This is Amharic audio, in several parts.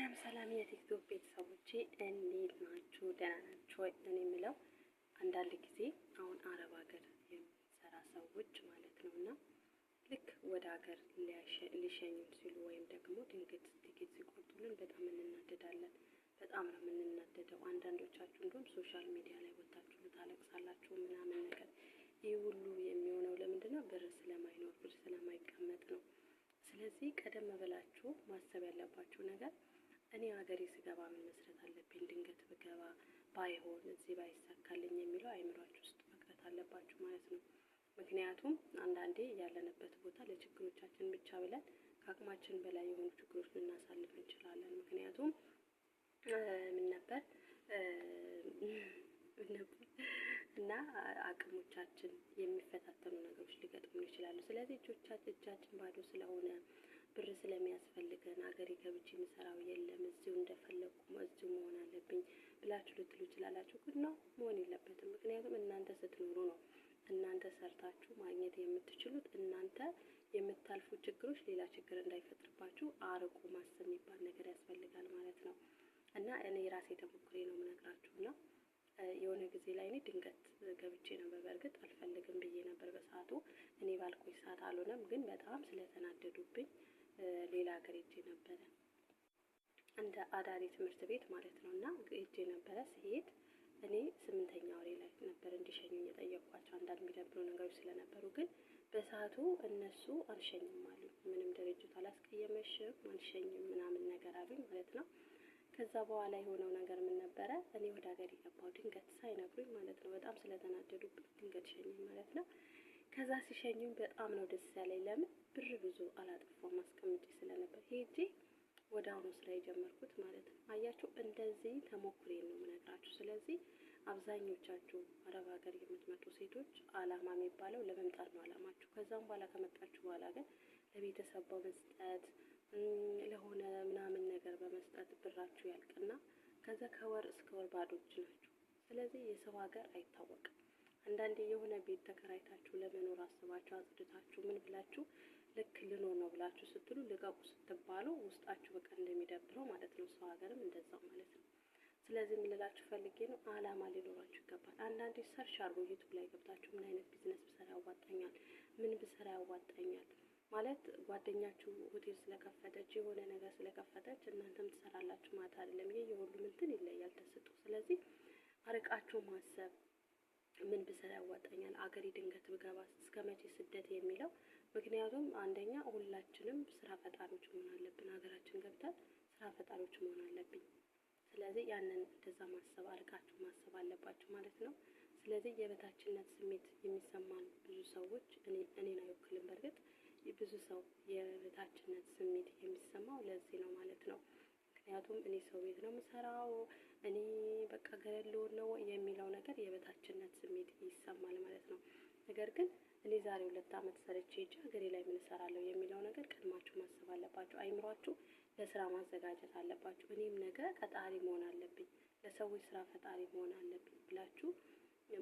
ሰላም ሰላም የቲክቶክ ቤተሰቦቼ እንዴት ናችሁ? ደህና ናችሁ ወይ? እኔ የምለው አንዳንድ ጊዜ አሁን አረብ ሀገር የሚሰራ ሰዎች ማለት ነው እና ልክ ወደ ሀገር ሊሸኙን ሲሉ ወይም ደግሞ ድንገት ቲኬት ሲቆርጡልን በጣም እንናደዳለን። በጣም ነው የምንናደደው። አንዳንዶቻችሁ እንዲሁም ሶሻል ሚዲያ ላይ ወታችሁ ታለቅሳላችሁ ምናምን ነገር። ይህ ሁሉ የሚሆነው ለምንድን ነው? ብር ስለማይኖር ብር ስለማይቀመጥ ነው። ስለዚህ ቀደም ብላችሁ ማሰብ ያለባችሁ ነገር እኔ ሀገሬ ስገባ ምን መስረት አለብኝ ድንገት ብገባ ባይሆን እዚህ ባይሳካልኝ የሚለው አይምሯችሁ ውስጥ መቅረት አለባችሁ ማለት ነው። ምክንያቱም አንዳንዴ ያለንበት ቦታ ለችግሮቻችን ብቻ ብለን ከአቅማችን በላይ የሆኑ ችግሮች ልናሳልፍ እንችላለን። ምክንያቱም ምን ነበር እና አቅሞቻችን የሚፈታተኑ ነገሮች ሊገጥሙን ይችላሉ። ስለዚህ እጆቻችን እጃችን ባዶ ስለሆነ ብር ስለሚያስፈልገን ሀገሬ ገብቼ የምሰራው የለም፣ እዚሁ እንደፈለጉ እዚሁ መሆን አለብኝ ብላችሁ ልትሉ ይችላላችሁ። ግን ነው መሆን የለበትም። ምክንያቱም እናንተ ስትኖሩ ነው እናንተ ሰርታችሁ ማግኘት የምትችሉት። እናንተ የምታልፉ ችግሮች ሌላ ችግር እንዳይፈጥርባችሁ አርቆ ማሰብ የሚባል ነገር ያስፈልጋል ማለት ነው። እና እኔ የራሴ ተሞክሬ ነው የምነግራችሁ እና የሆነ ጊዜ ላይ እኔ ድንገት ገብቼ ነበር። በእርግጥ አልፈልግም ብዬ ነበር በሰዓቱ። እኔ ባልኩኝ ሰዓት አልሆነም፣ ግን በጣም ስለተናደዱብኝ ሌላ ሀገር ሄጄ ነበረ እንደ አዳሪ ትምህርት ቤት ማለት ነው። እና ሄጄ ነበረ ስሄድ እኔ ስምንተኛ ወሬ ላይ ነበር እንዲሸኙኝ የጠየቅኳቸው አንዳንድ የሚደብሩ ነገሮች ስለነበሩ፣ ግን በሰዓቱ እነሱ አልሸኝም አሉ። ምንም ድርጅት አላስቀየመሽም አልሸኝም ምናምን ነገር አሉኝ ማለት ነው። ከዛ በኋላ የሆነው ነገር ምን ነበረ? እኔ ወደ ሀገር የገባው ድንገት ሳይነግሩኝ ማለት ነው። በጣም ስለተናደዱብኝ ድንገት ሸኙኝ ማለት ነው። ከዛ ሲሸኙኝ በጣም ነው ደስ ያለኝ። ለምን ብር ብዙ አላጠፋም አስቀምጬ ስለነበር ሄጄ ወደ አሁኑ ስራ የጀመርኩት ማለት ነው። አያችሁ እንደዚህ ተሞክሬ ነው የምነግራችሁ። ስለዚህ አብዛኞቻችሁ አረብ ሀገር የምትመጡ ሴቶች አላማ የሚባለው ለመምጣት ነው አላማችሁ። ከዛም በኋላ ከመጣችሁ በኋላ ግን ለቤተሰብ በመስጠት ለሆነ ምናምን ነገር በመስጠት ብራችሁ ያልቅና ከዛ ከወር እስከ ወር ባዶች ናችሁ። ስለዚህ የሰው ሀገር አይታወቅም። አንዳንዴ የሆነ ቤት ተከራይታችሁ ለመኖር አስባችሁ አጽድታችሁ ምን ብላችሁ ልክ ልኖር ነው ብላችሁ ስትሉ ልቀቁ ስትባሉ ውስጣችሁ በቃ እንደሚደብረው ማለት ነው። ሰው ሀገርም እንደዛው ማለት ነው። ስለዚህ የምንላችሁ ፈልጌ ነው አላማ ሊኖራችሁ ይገባል። አንዳንዴ ሰርሽ አርጎ ዩቱብ ላይ ገብታችሁ ምን አይነት ቢዝነስ ብሰራ ያዋጣኛል፣ ምን ብሰራ ያዋጣኛል ማለት ጓደኛችሁ ሆቴል ስለከፈተች የሆነ ነገር ስለከፈተች እናንተም ትሰራላችሁ ማለት አይደለም። ይሄ የሁሉም እንትን ይለያል ተሰጥቶ ስለዚህ አርቃችሁ ማሰብ ምን ብሰራ ያዋጣኛል፣ አገሬ ድንገት ብገባ እስከ መቼ ስደት የሚለው ምክንያቱም አንደኛ ሁላችንም ስራ ፈጣሪዎች መሆን አለብን። ሀገራችን ገብተን ስራ ፈጣሪዎች መሆን አለብን። ስለዚህ ያንን እንደዛ ማሰብ አድርጋችሁ ማሰብ አለባችሁ ማለት ነው። ስለዚህ የበታችነት ስሜት የሚሰማን ብዙ ሰዎች እኔን አይወክልም። በእርግጥ ብዙ ሰው የበታችነት ስሜት የሚሰማው ለዚህ ነው ማለት ነው። ምክንያቱም እኔ ሰው ቤት ነው የምሰራው፣ እኔ በቃ ገለል ነው የሚለው ነገር ነገር ግን እኔ ዛሬ ሁለት አመት ሰርቼ ሄጄ ሀገሬ ላይ ምን እሰራለሁ የሚለው ነገር ቀድማችሁ ማሰብ አለባችሁ። አይምሯችሁ ለስራ ማዘጋጀት አለባችሁ። እኔም ነገ ቀጣሪ መሆን አለብኝ፣ ለሰዎች ስራ ፈጣሪ መሆን አለብኝ ብላችሁ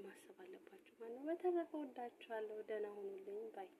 ማሰብ አለባችሁ ማለት ነው። በተረፈ ወዳችኋለሁ። ደህና ሁኑልኝ ባይ